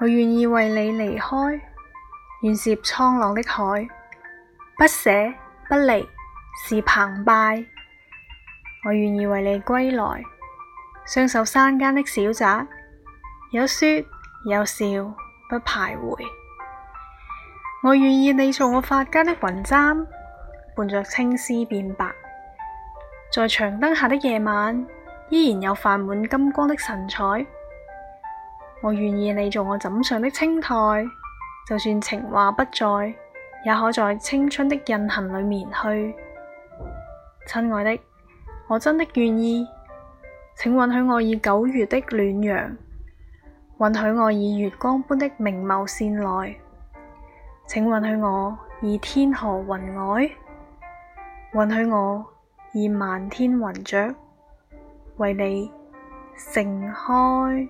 我願意為你離開，願涉滄浪的海，不捨不離是澎湃。我願意為你歸來，相守山間的小宅，有說有笑不徘徊。我願意你做我髮間的雲簪，伴着青絲變白，在長燈下的夜晚，依然有泛滿金光的神采。我願意你做我枕上的青苔，就算情話不再，也可在青春的印痕裏面去。親愛的，我真的願意，請允許我以九月的暖陽，允許我以月光般的明眸善睞，請允許我以天河雲外，允許我以漫天雲雀為你盛開。